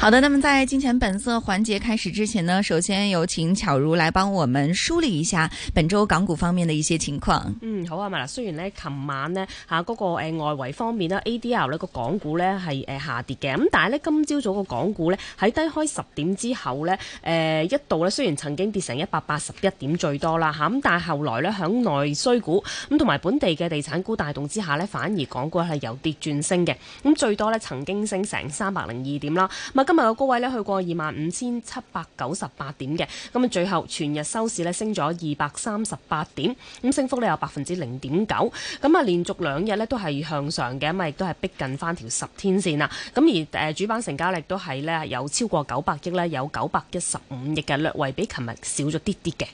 好的，那麼在金錢本色環節開始之前呢，首先有請巧如來幫我們梳理一下本周港股方面的一些情況。嗯，好啊嗱，雖然呢，琴晚呢，吓、啊、嗰、那個誒、呃、外圍方面啦，A D L 咧個港股呢係誒、呃、下跌嘅，咁但係呢，今朝早個港股呢喺低開十點之後呢，誒、呃、一度呢，雖然曾經跌成一百八十一點最多啦吓，咁、啊、但係後來呢，響內需股咁同埋本地嘅地產股帶動之下呢，反而港股係由跌轉升嘅，咁、嗯、最多呢，曾經升成三百零二點啦，今日嘅高位咧去過二萬五千七百九十八點嘅，咁、啊最後全日收市咧升咗二百三十八點，咁升幅咧有百分之零點九，咁、啊連續兩日咧都係向上嘅，咁、啊亦都係逼近返條十天線啦。咁而誒，主板成交力都係咧有超過九百億咧，有九百一十五億嘅，略為比琴日少咗啲啲嘅。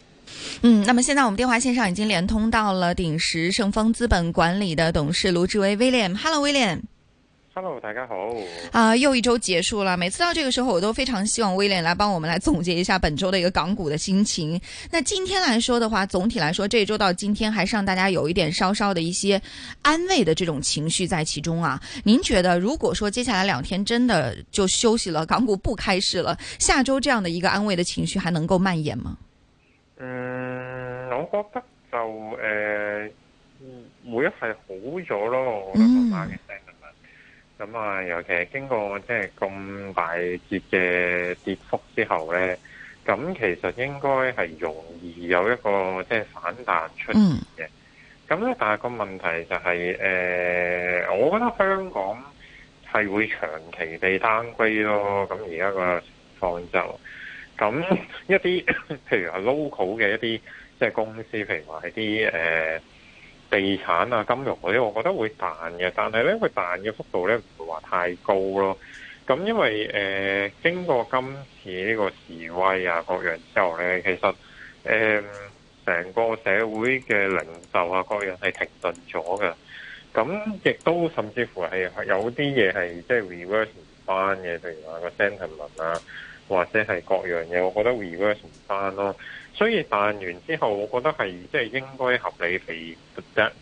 嗯，那麼現在我們電話線上已經連通到了鼎時盛豐資本管理的董事盧志威 William，Hello William。William. hello，大家好！啊、呃，又一周結束了，每次到這個時候，我都非常希望威廉來幫我們來總結一下本周的一個港股的心情。那今天來說的話，總體來說，這一周到今天，還是讓大家有一點稍稍的一些安慰的這種情緒在其中啊。您覺得，如果說接下來兩天真的就休息了，港股不開市了，下周這樣的一個安慰的情緒還能夠蔓延嗎？嗯，我覺得就誒，會、呃、係好咗咯，我覺得我咁啊，尤其係經過即係咁大截嘅跌幅之後咧，咁其實應該係容易有一個即係反彈出現嘅。咁咧，但係個問題就係、是，誒、呃，我覺得香港係會長期地單歸咯。咁而家個情況就，咁一啲譬如係 local 嘅一啲即係公司，譬如話係啲誒。呃地產啊、金融嗰啲，我覺得會彈嘅，但係咧佢彈嘅幅度咧唔會話太高咯。咁因為誒經過今次呢個示威啊各樣之後咧，其實誒成個社會嘅零售啊各樣係停頓咗㗎。咁亦都甚至乎係有啲嘢係即係 reverse 唔翻嘅，譬如話個 sentiment 啊，或者係各樣嘢，我覺得 reverse 唔翻咯。所以彈完之後，我覺得係即係應該合理避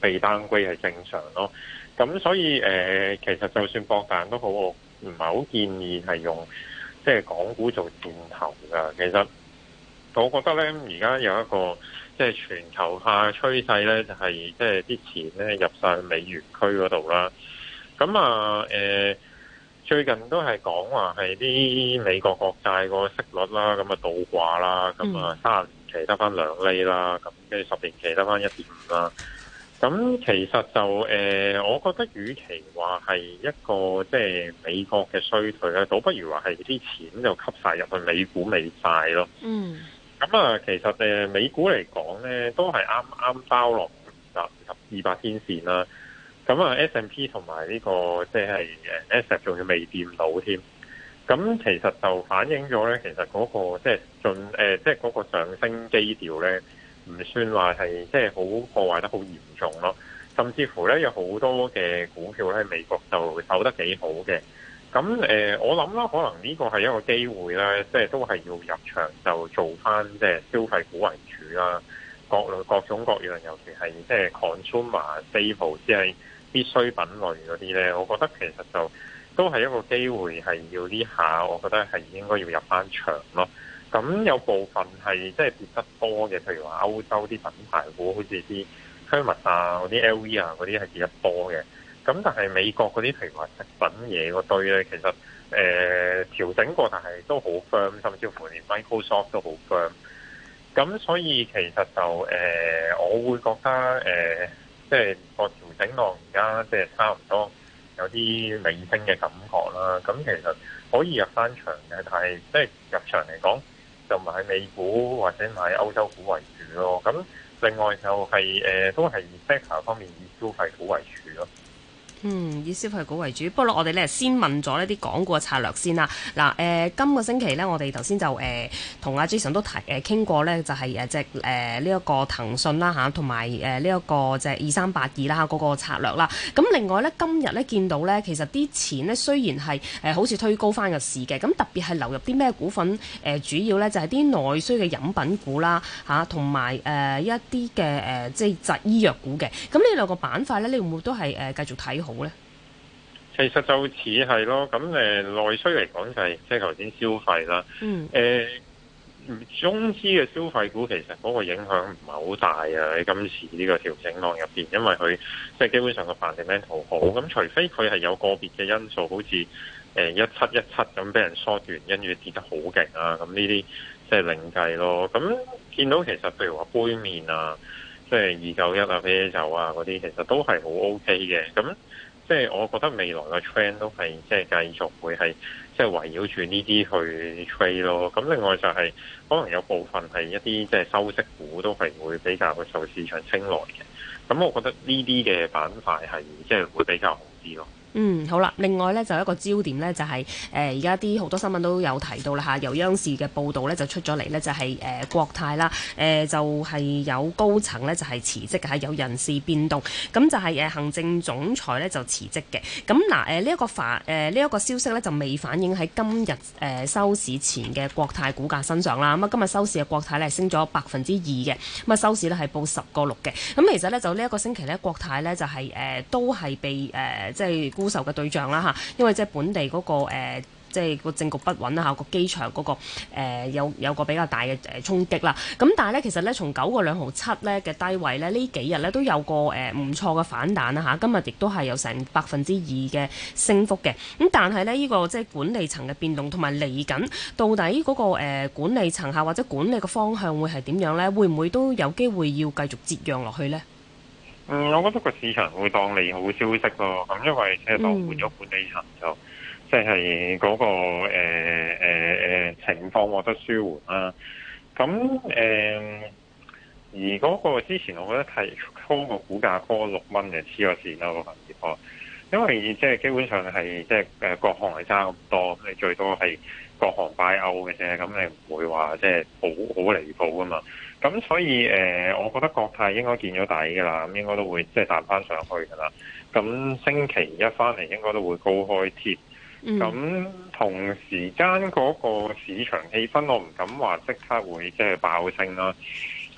避單歸係正常咯。咁所以誒、呃，其實就算博彈都好，唔係好建議係用即係港股做箭頭㗎。其實我覺得咧，而家有一個即係全球化趨勢咧，就係即係啲錢咧入晒去美元區嗰度啦。咁啊誒、呃，最近都係講話係啲美國國債個息率啦，咁啊倒掛啦，咁啊三期得翻兩厘啦，咁跟住十年期得翻一點五啦。咁其實就誒，我覺得與其話係一個即係美國嘅衰退咧，倒不如話係啲錢就吸晒入去美股未曬咯。嗯，咁啊，其實誒美股嚟講咧，都係啱啱包落十十二百天線啦。咁啊，S&P 同埋呢個即係誒 S A P 仲要未掂到添。咁其實就反映咗咧，其實嗰、那個即係、就是、進誒，即係嗰個上升基調咧，唔算話係即係好破壞得好嚴重咯。甚至乎咧，有好多嘅股票咧，美國就走得幾好嘅。咁誒、呃，我諗啦，可能呢個係一個機會咧，即、就、係、是、都係要入場就做翻即係消費股為主啦、啊，各類各種各樣，尤其係即係 consumer staple 即係必需品類嗰啲咧，我覺得其實就。都係一個機會，係要呢下，我覺得係應該要入翻場咯。咁有部分係即係跌得多嘅，譬如話歐洲啲品牌股，好似啲香蜜啊、嗰啲 L V 啊嗰啲係跌得多嘅。咁但係美國嗰啲譬如話食品嘢嗰堆咧，其實誒、呃、調整過，但係都好 firm，甚至乎連 Microsoft 都好 firm。咁所以其實就誒、呃，我會覺得誒、呃，即係個調整落而家即係差唔多。有啲明星嘅感覺啦，咁其實可以入翻場嘅，但係即係入場嚟講，就買美股或者買歐洲股為主咯。咁另外就係、是、誒、呃，都係以 sector 方面以消費股為主咯。嗯，以消費股為主。不過我哋咧先問咗一啲港股嘅策略先啦。嗱，誒今個星期咧，我哋頭先就誒同阿 Jason 都提誒傾過咧，就係誒即係誒呢一個騰訊啦嚇，同埋誒呢一個即係二三八二啦嗰個策略啦。咁另外咧，今日咧見到咧，其實啲錢咧雖然係誒好似推高翻個市嘅，咁特別係流入啲咩股份誒？主要咧就係啲內需嘅飲品股啦嚇，同埋誒一啲嘅誒即係疾醫藥股嘅。咁呢兩個板塊咧，你會唔會都係誒繼續睇好？嗯、其實就似係咯，咁誒、呃、內需嚟講就係、是、即係頭先消費啦，誒中資嘅消費股其實嗰個影響唔係好大啊！喺今次呢個調整浪入邊，因為佢即係基本上個泛地面好，好，咁除非佢係有個別嘅因素，好似誒一七一七咁俾人 short 完，跟住跌得好勁啊！咁呢啲即係另計咯。咁見到其實譬如話杯麵啊。即係二九一啊，啤酒啊嗰啲，其實都係好 OK 嘅。咁即係我覺得未來嘅趨勢都係即係繼續會係即係圍繞住呢啲去 trade 咯。咁另外就係、是、可能有部分係一啲即係收息股都係會比較受市場青睞嘅。咁我覺得呢啲嘅板塊係即係會比較好啲咯。嗯，好啦，另外咧就一個焦點咧就係誒而家啲好多新聞都有提到啦嚇、啊，由央視嘅報導咧就出咗嚟呢，就係誒、就是呃、國泰啦，誒、呃、就係、是、有高層呢，就係、是、辭職嘅，係有人事變動，咁就係、是、誒、呃、行政總裁呢，就辭職嘅。咁嗱誒呢一個反誒呢一個消息呢，就未反映喺今日誒、呃、收市前嘅國泰股價身上啦。咁啊今日收市嘅國泰咧升咗百分之二嘅，咁啊收市呢，係報十個六嘅。咁、啊、其實呢，就呢一個星期呢，國泰呢、就是，就係誒都係被誒、呃呃、即係。沽售嘅對象啦嚇，因為即係本地嗰個即係個政局不穩啦嚇，個機場嗰個、呃、有有個比較大嘅誒衝擊啦。咁但係咧，其實咧從九個兩毫七咧嘅低位咧，呢幾日咧都有個誒唔錯嘅反彈啦嚇。今日亦都係有成百分之二嘅升幅嘅。咁但係咧，呢個即係管理層嘅變動，同埋嚟緊到底嗰個管理層嚇或者管理嘅方向會係點樣咧？會唔會都有機會要繼續折讓落去咧？嗯，我覺得個市場會當利好消息咯、哦。咁因為即係當換咗管理層就，嗯、就即係嗰個誒誒、呃呃、情況獲得舒緩啦、啊。咁誒、呃，而嗰個之前我覺得提高個股價高，高六蚊嘅黐咗線啦嗰份熱愛，因為即係基本上係即係誒各項係差咁多，你最多係。各行擺 out 嘅啫，咁你唔會話即係好好離譜噶嘛？咁所以誒、呃，我覺得國泰應該見咗底噶啦，咁應該都會即係彈翻上去噶啦。咁星期一翻嚟應該都會高開貼。咁同時間嗰個市場氣氛我，我唔敢話即刻會即係爆升啦。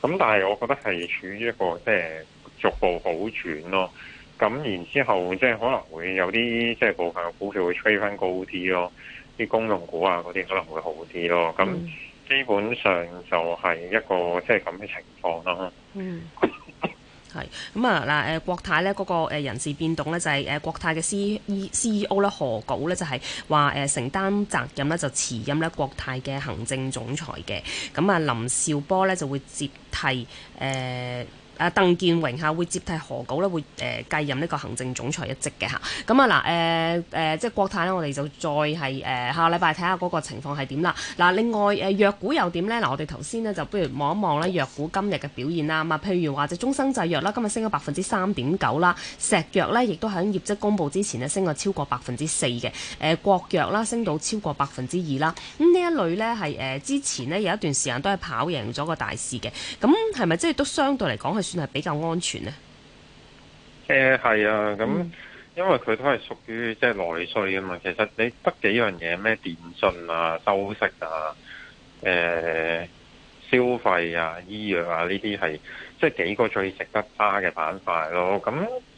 咁但係我覺得係處於一個即係逐步好轉咯。咁然之後即係可能會有啲即係部分股票會吹翻高啲咯。啲公用股啊，嗰啲可能會好啲咯。咁、嗯、基本上就係一個即係咁嘅情況咯。嗯，係。 咁啊嗱，誒、呃、國泰咧嗰、那個人事變動咧就係、是、誒、呃、國泰嘅 C E C E O 咧何杲咧就係話誒承擔責任咧就辭任咧國泰嘅行政總裁嘅。咁啊林紹波咧就會接替誒。呃啊，鄧健榮嚇會接替何稿咧，會誒、呃、繼任呢個行政總裁一職嘅嚇。咁啊嗱誒誒，即係國泰呢，我哋就再係誒、呃、下個禮拜睇下嗰個情況係點啦。嗱、啊，另外誒藥、呃、股又點呢？嗱、啊，我哋頭先呢，就不如望一望呢藥股今日嘅表現啦。啊，譬如話隻中生製藥啦，今日升咗百分之三點九啦。石藥呢，亦都喺業績公佈之前呢，升咗超過百分之四嘅。誒、呃、國藥啦，升到超過百分之二啦。咁呢、啊、一類呢，係誒、呃、之前呢有一段時間都係跑贏咗個大市嘅。咁係咪即係都相對嚟講係？算係比較安全呢？誒係啊，咁、嗯、因為佢都係屬於即係內需啊嘛。其實你得幾樣嘢咩？電信啊、收息啊、誒、呃、消費啊、醫藥啊呢啲係即係幾個最值得揸嘅板塊咯。咁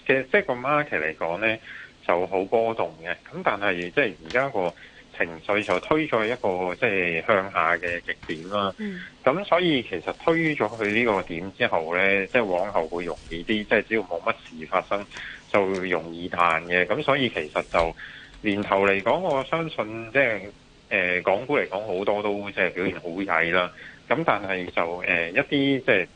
其實即係個 market 嚟講呢，就好波動嘅。咁但係即係而家個。情緒就推咗一個即係向下嘅極點啦。咁、嗯、所以其實推咗去呢個點之後呢，即係往後會容易啲，即係只要冇乜事發生就會容易彈嘅。咁所以其實就年頭嚟講，我相信即係誒港股嚟講好多都即係表現好曳啦。咁但係就誒、呃、一啲即係。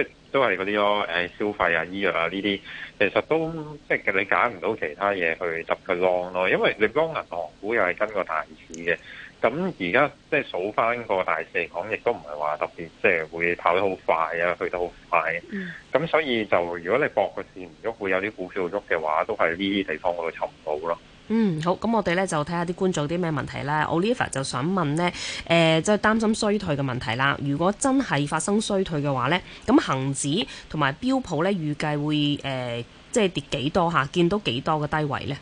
即係都係嗰啲咯，誒、欸、消費啊、醫藥啊呢啲，其實都即係你揀唔到其他嘢去揼個浪咯，因為你講銀行股又係跟個大市嘅，咁而家即係數翻個大市嚟講，亦都唔係話特別即係會跑得好快啊，去得好快嘅。咁所以就如果你搏個市唔喐，會有啲股票喐嘅話，都係呢啲地方我都尋唔到咯。嗯，好，咁我哋咧就睇下啲觀眾啲咩問題啦。Oliver 就想問呢，誒、呃，即係擔心衰退嘅問題啦。如果真係發生衰退嘅話呢，咁恒指同埋標普呢預計會誒，即係跌幾多下，見到幾多嘅低位呢？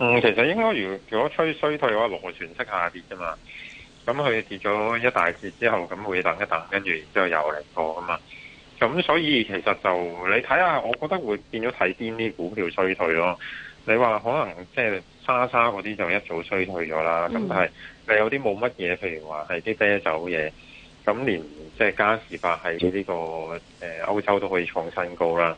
嗯，其實應該如，如果吹衰退嘅話，螺旋式下跌啫嘛。咁佢跌咗一大截之後，咁會等一等，跟住之後又嚟過噶嘛。咁所以其實就你睇下，我覺得會變咗睇邊啲股票衰退咯。你話可能即係莎莎嗰啲就一早衰退咗啦。咁、嗯、但係你有啲冇乜嘢，譬如話係啲啤酒嘢，咁連即係加士伯喺呢個誒、呃、歐洲都可以創新高啦。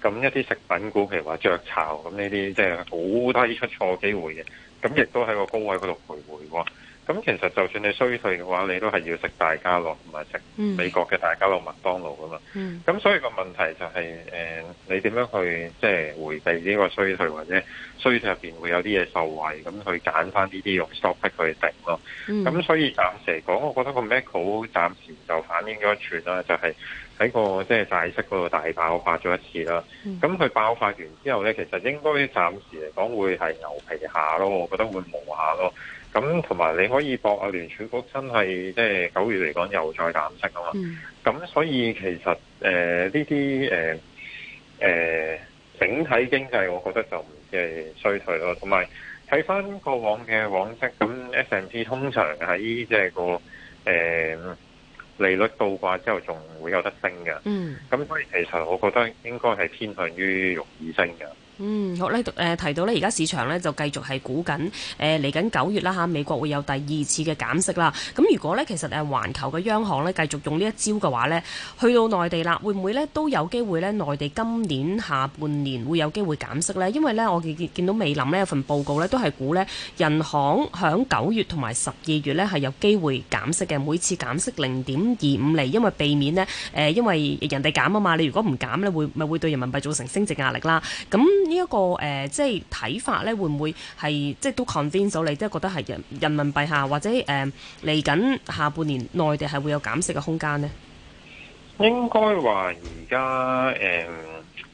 咁一啲食品股，譬如話雀巢，咁呢啲即係好低出錯機會嘅。咁亦都喺個高位嗰度徘徊喎。咁其實就算你衰退嘅話，你都係要食大家樂，唔係食美國嘅大家樂、麥當勞噶嘛。咁、嗯、所以個問題就係、是、誒、呃，你點樣去即係、呃、迴避呢個衰退，或者衰退入邊會有啲嘢受惠，咁去揀翻呢啲肉 s t 佢 c k 去定咯。咁所以暫時嚟講，我覺得個 Macau 暫時就反映咗一串啦，就係、是、喺、那個即係大息嗰度大爆發咗一次啦。咁佢、嗯、爆發完之後咧，其實應該暫時嚟講會係牛皮下咯，我覺得會磨下咯。咁同埋你可以博啊，聯儲局真係即係九月嚟講又再減息啊嘛。咁、mm. 嗯、所以其實誒呢啲誒誒整體經濟，我覺得就唔係衰退咯。同埋睇翻過往嘅往績，咁 S and P 通常喺即係個誒、呃、利率倒掛之後，仲會有得升嘅。咁、mm. 嗯、所以其實我覺得應該係偏向於容易升嘅。嗯，好咧，誒提到咧，而家市場咧就繼續係估緊，誒嚟緊九月啦嚇、啊，美國會有第二次嘅減息啦。咁如果呢，其實誒環、啊、球嘅央行咧繼續用呢一招嘅話呢去到內地啦，會唔會呢都有機會咧？內地今年下半年會有機會減息呢？因為呢，我見，見到美林呢有份報告呢都係估呢人行響九月同埋十二月呢係有機會減息嘅，每次減息零點二五厘。因為避免呢，誒、呃，因為人哋減啊嘛，你如果唔減咧，會咪會對人民幣造成升值壓力啦。咁、嗯嗯呢一、這個誒、呃，即係睇法咧，會唔會係即係都 convince 到你，即係覺得係人人民幣下，或者誒嚟緊下半年內地係會有減息嘅空間呢？應該話而家誒，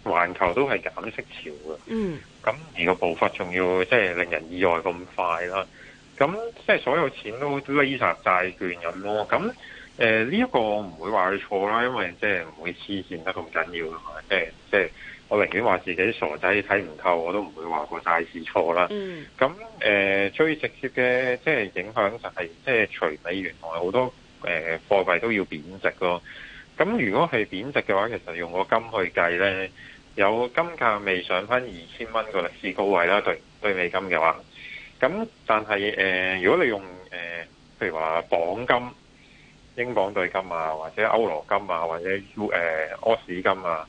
環、呃、球都係減息潮嘅。嗯。咁而個步伐仲要即係令人意外咁快啦。咁即係所有錢都瀰集債券咁咯。咁誒呢一個我唔會話你錯啦，因為即係唔會黐線得咁緊要啊，即係即係。即即我寧願話自己傻仔睇唔透，我都唔會話個大市錯啦。咁誒、嗯呃、最直接嘅即係影響就係即係除美元外好多誒、呃、貨幣都要貶值咯。咁如果係貶值嘅話，其實用個金去計咧，有金價未上翻二千蚊個歷史高位啦，對對美金嘅話。咁但係誒、呃，如果你用誒、呃、譬如話鎊金、英鎊對金啊，或者歐羅金啊，或者 U 誒澳紙金啊。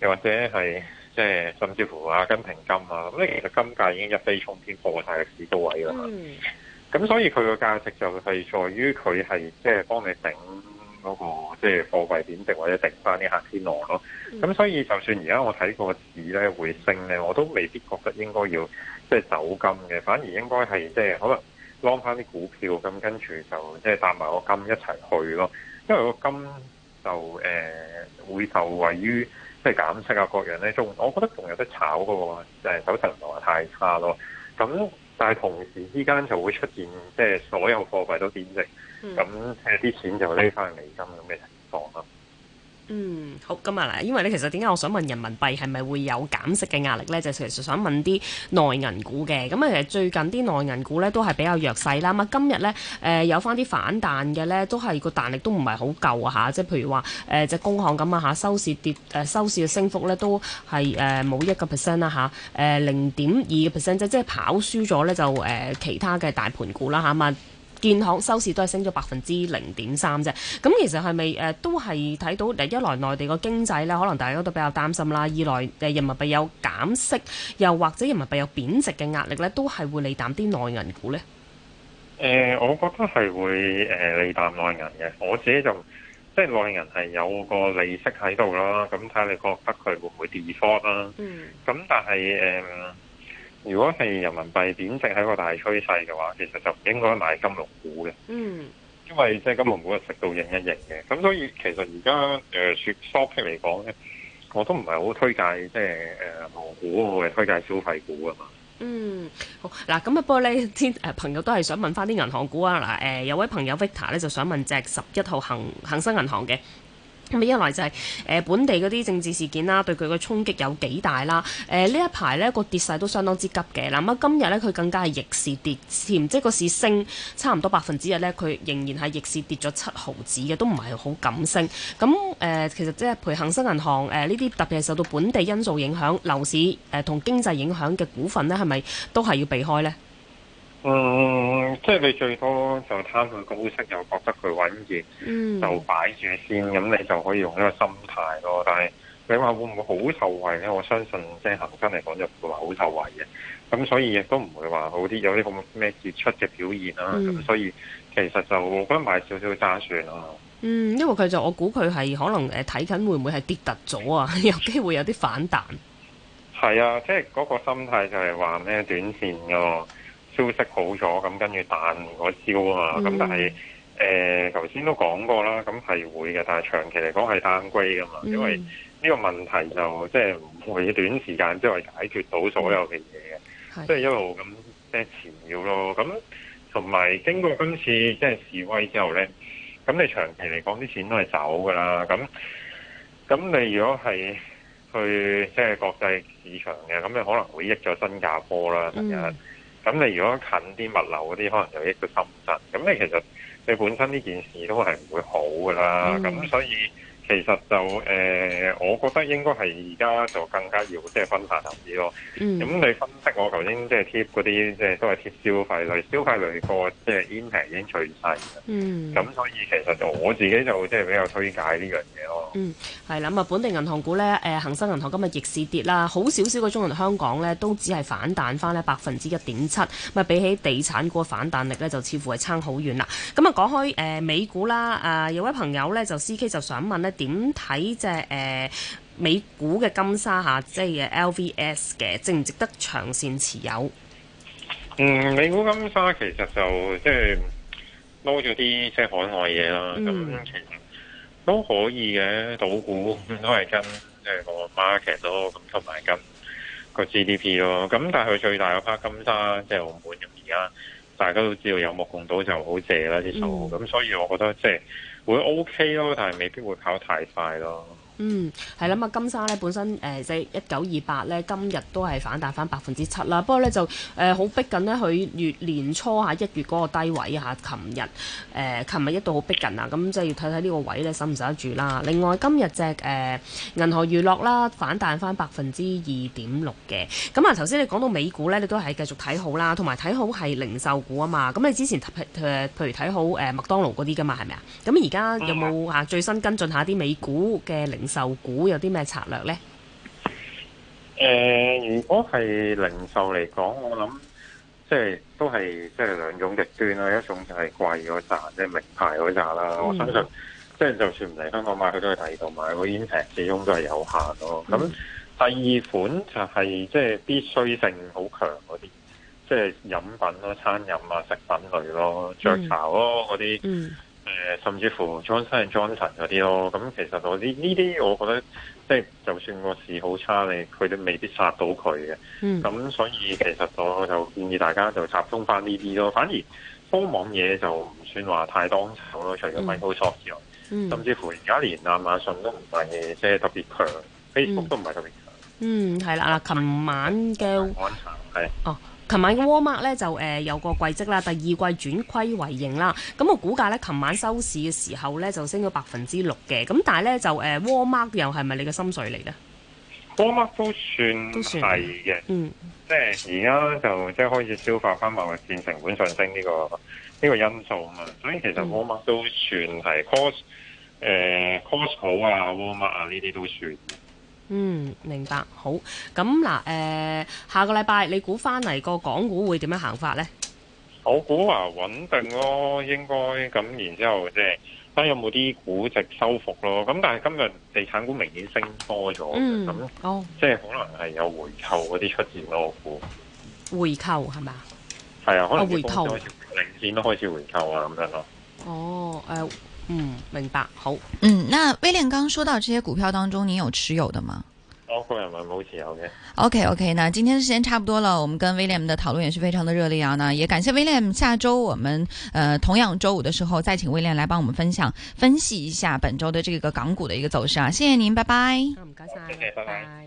又或者係即係甚至乎啊，跟平金啊，咁你其實金價已經一飛沖天破晒歷史高位啦嘛。咁、嗯、所以佢個價值就係在於佢係即係幫你頂嗰個即係貨幣貶值或者頂翻啲黑天鵝咯。咁、嗯、所以就算而家我睇個市咧會升咧，我都未必覺得應該要即係走金嘅，反而應該係即係可能攞翻啲股票咁，跟住就即係搭埋個金一齊去咯。因為個金就誒、呃、會受惠於即係減息啊，各樣咧仲，我覺得仲有得炒噶喎。誒，手頭唔係話太差咯。咁但係同時之間就會出現即係所有貨幣都貶值，咁誒啲錢就匿翻美金咁嘅情況咯。嗯，好，今日啊，因為咧，其實點解我想問人民幣係咪會有減息嘅壓力咧？就是、其實想問啲內銀股嘅，咁、嗯、啊，其實最近啲內銀股咧都係比較弱勢啦。咁啊，今日咧，誒、呃、有翻啲反彈嘅咧，都係個彈力都唔係好夠啊！吓、呃，即係譬如話，誒隻工行咁啊嚇，收市跌，誒、呃、收市嘅升幅咧都係誒冇一個 percent 啦吓，誒零點二個 percent，即係即係跑輸咗咧就誒、呃、其他嘅大盤股啦嚇嘛。啊啊建行收市都係升咗百分之零點三啫，咁其實係咪誒都係睇到第一來內地個經濟咧，可能大家都比較擔心啦；二來誒人民幣有減息，又或者人民幣有貶值嘅壓力咧，都係會利淡啲內銀股呢。誒、呃，我覺得係會誒、呃、利淡內銀嘅。我自己就即係內銀係有個利息喺度啦，咁睇下你覺得佢會唔會 default 啦。Ought, 嗯。咁但係誒。呃如果係人民幣貶值係一個大趨勢嘅話，其實就唔應該買金融股嘅。嗯，因為即係金融股係食到盈一盈嘅，咁所以其實而家誒，説 s h o p p 嚟講咧，我都唔係好推介，即係誒銀行股，我、嗯、係推介消費股啊嘛。嗯，好嗱，咁啊，玻璃天，啲、呃、朋友都係想問翻啲銀行股啊。嗱、呃，誒有位朋友 Victor 咧，就想問隻十一號行恒生銀行嘅。咁啊，一來就係、是、誒、呃、本地嗰啲政治事件啦，對佢嘅衝擊有幾大啦？誒、呃、呢一排呢個跌勢都相當之急嘅嗱。咁今日呢，佢更加係逆市跌，潛即係個市升差唔多百分之一呢，佢仍然係逆市跌咗七毫子嘅，都唔係好敢升。咁、嗯、誒、呃，其實即係佢恒生銀行誒呢啲特別係受到本地因素影響、樓市誒同、呃、經濟影響嘅股份呢，係咪都係要避開呢？嗯，即係你最多就貪佢高息，又覺得佢穩嘅，嗯、就擺住先。咁你就可以用呢個心態咯。但係你話會唔會好受惠咧？我相信即係恒生嚟講就唔會話好受惠嘅。咁所以亦都唔會話好啲有啲咁嘅咩傑出嘅表現啦。咁、嗯、所以其實就我覺得買少少揸算咯。嗯，因為佢就我估佢係可能誒睇緊會唔會係跌突咗啊？ 有機會有啲反彈。係啊，即係嗰個心態就係話咩短線嘅。消息好咗，咁跟住彈嗰招啊嘛，咁、嗯、但係誒頭先都講過啦，咁係會嘅，但係長期嚟講係單龜噶嘛，嗯、因為呢個問題就即係唔會短時間之後解決到所有嘅嘢嘅，嗯、即係一路咁的即係纏繞咯。咁同埋經過今次即係示威之後咧，咁你長期嚟講啲錢都係走噶啦，咁咁你如果係去即係國際市場嘅，咁你可能會益咗新加坡啦。嗯咁你如果近啲物流嗰啲，可能有益個心震。咁你其實你本身呢件事都係唔會好噶啦。咁 所以。其實就誒、呃，我覺得應該係而家就更加要即係分散投資咯。咁、嗯、你分析我頭先即係貼嗰啲，即係都係貼消費類、消費類個即係 earnings 已經趨勢。嗯。咁所以其實就我自己就即係比較推介呢樣嘢咯。嗯，係啦。咁啊，本地銀行股咧，誒，恒生銀行今日逆市跌啦，好少少嘅中銀香港咧，都只係反彈翻呢百分之一點七，咪比起地產股反彈力咧，就似乎係差好遠啦。咁、嗯、啊，講開誒、呃、美股啦，啊、呃、有位朋友咧就 C K 就想問咧。點睇隻誒美股嘅金沙嚇，即係 LVS 嘅，值唔值得長線持有？嗯，美股金沙其實就即係攞咗啲即係海外嘢啦，咁其實都可以嘅。賭股都係跟即係個 market 咯，咁同埋跟個 GDP 咯。咁但係佢最大嗰批金沙即係澳門咁而家。大家都知道，有目共睹，就好借啦啲數，咁、嗯、所以我覺得即係會 OK 咯，但係未必會跑得太快咯。invece 嗯，係啦，咁啊金沙咧本身誒即係一九二八咧，今日都係反彈返百分之七啦。不過咧就誒好逼近咧，佢去年初嚇一月嗰個低位嚇，琴日誒琴日一度好逼近啊。咁即係要睇睇呢個位咧守唔守得住啦。另外今日隻誒銀河娛樂啦，反彈返百分之二點六嘅。咁啊頭先你講到美股咧，你都係繼續睇好啦，同埋睇好係零售股啊嘛。咁你之前譬如睇好誒麥當勞嗰啲㗎嘛，係咪啊？咁而家有冇啊最新跟進下啲美股嘅零售股有啲咩策略呢？誒、呃，如果係零售嚟講，我諗即係都係即係兩種極端啦。一種就係貴嗰扎，即係名牌嗰扎啦。嗯、我相信即係就算唔嚟香港買，佢都係第二度買。個選擇始終都係有限咯。咁第二款就係即係必需性好強嗰啲，即係飲品咯、餐飲啊、食品類咯、雀巢咯嗰啲。誒、呃，甚至乎 Johnson、Johnson 嗰啲咯，咁其實我呢呢啲，我覺得即係就算個市好差，你佢都未必殺到佢嘅。嗯，咁所以其實我就建議大家就集中返呢啲咯。反而科網嘢就唔算話太當手咯，除咗 Microsoft 之外，嗯嗯、甚至乎而家連亞馬遜都唔係即係特別強，Facebook 都唔係特別強。嗯，係啦，嗱、嗯，琴晚嘅係啊。琴晚嘅 Walmart 咧就誒、呃、有個季績啦，第二季轉虧為盈啦，咁、嗯、我估價咧，琴晚收市嘅時候咧就升咗百分之六嘅，咁但係咧就誒 Walmart 又係咪你嘅心水嚟咧？Walmart 都算都算嘅，嗯，即係而家就即係開始消化翻貿易戰成本上升呢、這個呢、這個因素啊嘛，所以其實 Walmart、嗯、都算係、呃、Costco 誒 Costco 好啊 Walmart 啊呢啲都算。嗯，明白。好，咁嗱，誒、呃，下個禮拜你估翻嚟個港股會點樣行法咧？我估啊，穩定咯，應該咁。然之後即係睇有冇啲估值收復咯。咁但係今日地產股明顯升多咗，咁、嗯、哦，即係、嗯嗯哦、可能係有回購嗰啲出現咯。我估回購係咪？係啊，可能、啊、回公司開始綫都開始回購啊，咁樣咯。哦，誒、呃。嗯，明白，好。嗯，那威廉剛說到這些股票當中，你有持有的嗎？我個人係冇持有嘅。OK，OK，那今天時間差不多了，我們跟威廉的討論也是非常的熱烈啊。那也感謝威廉，下周我們，呃，同樣周五的時候再請威廉來幫我們分享分析一下本周的這個港股的一個走勢啊。謝謝您，拜拜。拜拜。